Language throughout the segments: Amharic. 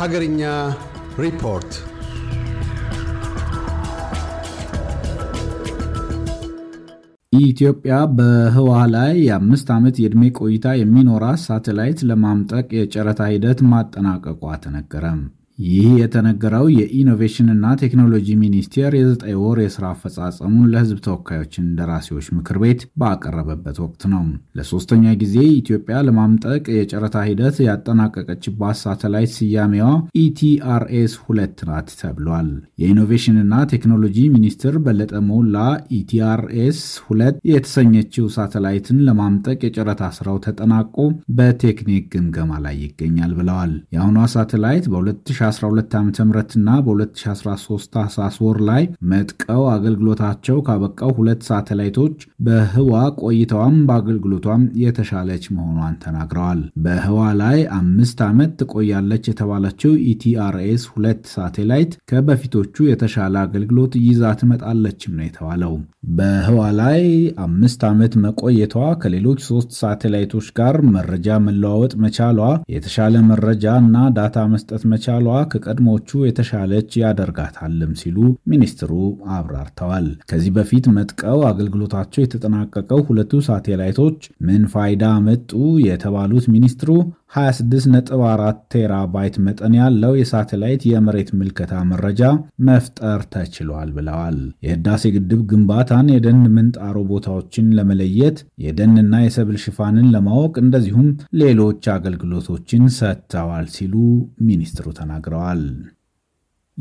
ሀገርኛ ሪፖርት ኢትዮጵያ በህዋ ላይ የአምስት ዓመት የዕድሜ ቆይታ የሚኖራት ሳተላይት ለማምጠቅ የጨረታ ሂደት ማጠናቀቋ ተነገረም። ይህ የተነገረው የኢኖቬሽንና ቴክኖሎጂ ሚኒስቴር የዘጠኝ ወር የስራ አፈጻጸሙን ለህዝብ ተወካዮች እንደራሴዎች ምክር ቤት ባቀረበበት ወቅት ነው። ለሶስተኛ ጊዜ ኢትዮጵያ ለማምጠቅ የጨረታ ሂደት ያጠናቀቀችባት ሳተላይት ስያሜዋ ኢቲአርኤስ ሁለት ናት ተብሏል። የኢኖቬሽንና ቴክኖሎጂ ሚኒስትር በለጠ ሞላ ኢቲአርኤስ ሁለት የተሰኘችው ሳተላይትን ለማምጠቅ የጨረታ ስራው ተጠናቆ በቴክኒክ ግምገማ ላይ ይገኛል ብለዋል። የአሁኗ ሳተላይት በ በ2012 ዓ በ2013 ታህሳስ ወር ላይ መጥቀው አገልግሎታቸው ካበቃው ሁለት ሳተላይቶች በህዋ ቆይታዋም በአገልግሎቷም የተሻለች መሆኗን ተናግረዋል። በህዋ ላይ አምስት ዓመት ትቆያለች የተባለችው ኢቲአርኤስ ሁለት ሳቴላይት ከበፊቶቹ የተሻለ አገልግሎት ይዛ ትመጣለችም ነው የተባለው። በህዋ ላይ አምስት ዓመት መቆየቷ ከሌሎች ሶስት ሳቴላይቶች ጋር መረጃ መለዋወጥ መቻሏ፣ የተሻለ መረጃ እና ዳታ መስጠት መቻሏ ከቀድሞቹ የተሻለች ያደርጋታልም ሲሉ ሚኒስትሩ አብራርተዋል። ከዚህ በፊት መጥቀው አገልግሎታቸው የተጠናቀቀው ሁለቱ ሳቴላይቶች ምን ፋይዳ መጡ የተባሉት ሚኒስትሩ 26.4 ቴራባይት መጠን ያለው የሳተላይት የመሬት ምልከታ መረጃ መፍጠር ተችሏል ብለዋል። የህዳሴ ግድብ ግንባታን የደን ምንጣሮ ቦታዎችን ለመለየት የደንና የሰብል ሽፋንን ለማወቅ እንደዚሁም ሌሎች አገልግሎቶችን ሰጥተዋል ሲሉ ሚኒስትሩ ተናግረዋል።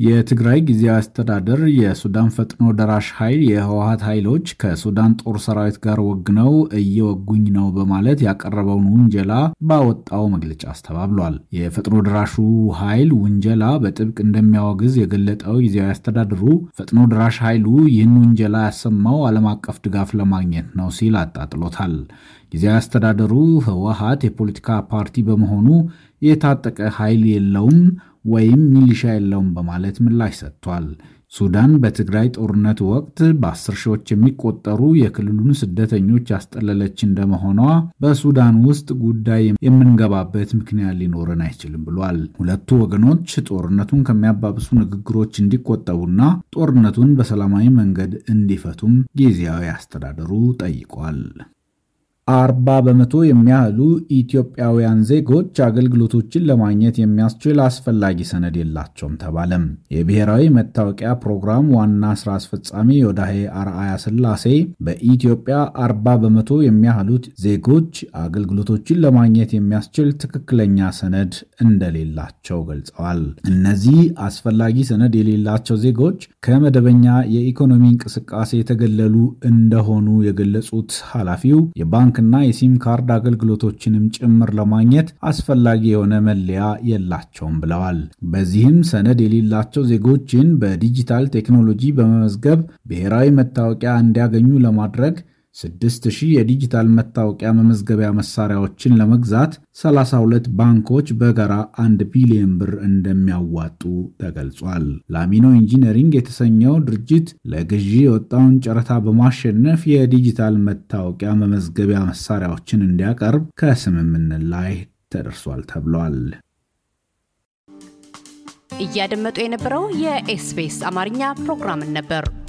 የትግራይ ጊዜያዊ አስተዳደር የሱዳን ፈጥኖ ደራሽ ኃይል የህወሀት ኃይሎች ከሱዳን ጦር ሰራዊት ጋር ወግነው እየወጉኝ ነው በማለት ያቀረበውን ውንጀላ ባወጣው መግለጫ አስተባብሏል። የፈጥኖ ደራሹ ኃይል ውንጀላ በጥብቅ እንደሚያወግዝ የገለጠው ጊዜያዊ አስተዳደሩ ፈጥኖ ደራሽ ኃይሉ ይህን ውንጀላ ያሰማው ዓለም አቀፍ ድጋፍ ለማግኘት ነው ሲል አጣጥሎታል። ጊዜያዊ አስተዳደሩ ህወሀት የፖለቲካ ፓርቲ በመሆኑ የታጠቀ ኃይል የለውም ወይም ሚሊሻ የለውም በማለት ምላሽ ሰጥቷል። ሱዳን በትግራይ ጦርነት ወቅት በአስር ሺዎች የሚቆጠሩ የክልሉን ስደተኞች ያስጠለለች እንደመሆኗ በሱዳን ውስጥ ጉዳይ የምንገባበት ምክንያት ሊኖረን አይችልም ብሏል። ሁለቱ ወገኖች ጦርነቱን ከሚያባብሱ ንግግሮች እንዲቆጠቡና ጦርነቱን በሰላማዊ መንገድ እንዲፈቱም ጊዜያዊ አስተዳደሩ ጠይቋል። አርባ በመቶ የሚያህሉ ኢትዮጵያውያን ዜጎች አገልግሎቶችን ለማግኘት የሚያስችል አስፈላጊ ሰነድ የላቸውም ተባለም። የብሔራዊ መታወቂያ ፕሮግራም ዋና ስራ አስፈጻሚ ወዳሄ አርአያ ስላሴ በኢትዮጵያ አርባ በመቶ የሚያህሉት ዜጎች አገልግሎቶችን ለማግኘት የሚያስችል ትክክለኛ ሰነድ እንደሌላቸው ገልጸዋል። እነዚህ አስፈላጊ ሰነድ የሌላቸው ዜጎች ከመደበኛ የኢኮኖሚ እንቅስቃሴ የተገለሉ እንደሆኑ የገለጹት ኃላፊው የባንክ ባንክና የሲም ካርድ አገልግሎቶችንም ጭምር ለማግኘት አስፈላጊ የሆነ መለያ የላቸውም ብለዋል። በዚህም ሰነድ የሌላቸው ዜጎችን በዲጂታል ቴክኖሎጂ በመመዝገብ ብሔራዊ መታወቂያ እንዲያገኙ ለማድረግ ስድስት ሺህ የዲጂታል መታወቂያ መመዝገቢያ መሳሪያዎችን ለመግዛት 32 ባንኮች በጋራ 1 ቢሊዮን ብር እንደሚያዋጡ ተገልጿል። ላሚኖ ኢንጂነሪንግ የተሰኘው ድርጅት ለግዢ የወጣውን ጨረታ በማሸነፍ የዲጂታል መታወቂያ መመዝገቢያ መሳሪያዎችን እንዲያቀርብ ከስምምነት ላይ ተደርሷል ተብሏል። እያደመጡ የነበረው የኤስቢኤስ አማርኛ ፕሮግራምን ነበር።